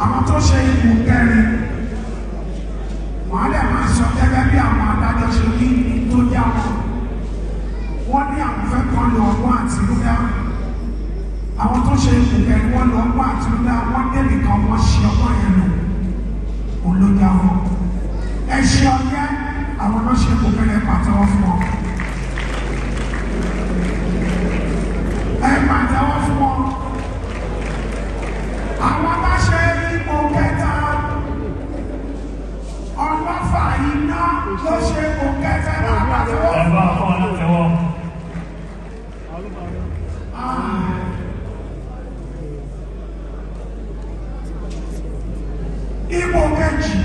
àwọn tó ṣe ipò kẹrin wọ́n lè máa sọ gẹ́gẹ́ bí àwọn adájọ́ ṣe ní tó yá wọn wọ́n ní àwọn fẹ́ kọ́ lu ọgbọ́n àtinúdá àwọn tó ṣe ipò kẹrin wọ́n lu ọgbọ́n àtinúdá wọ́n débì kan wọ́n ṣe ọgbọ́n yẹn lò òun ló yá wọn ẹ ṣe ọyẹ àwọn náà ṣe ipò kẹrin pàtẹ́wọ́ fún wọn. ẹ pàtẹ́wọ́ fún wọn. ẹ̀bá fún alátẹ̀wọ́. Ipò kejì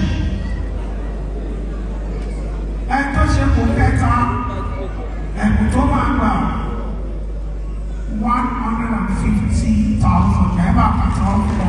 ẹ̀ tó ṣe kò kẹta ẹ̀bùn tó máa gbà one hundred and fifty thousand ẹ̀bá pàtàkì.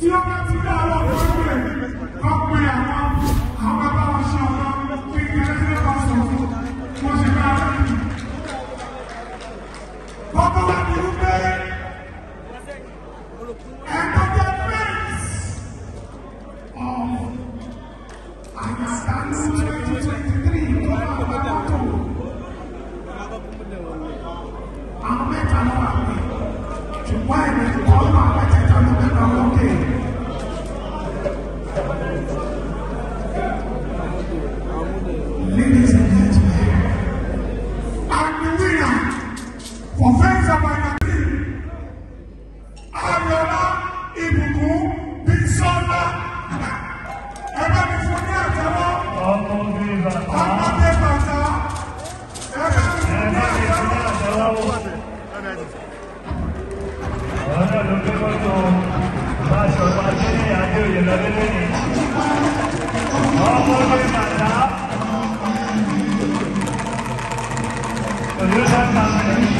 tí ó bá ti dá àwọn ọmọ rẹ̀ ọpẹ́ àwọn àwọn bàbá wọn ṣe ọ̀rọ̀ kí ní ẹgbẹ́ wọn sọ̀rọ̀ wọn ṣe bá wọn. 好，我们来吧。有请。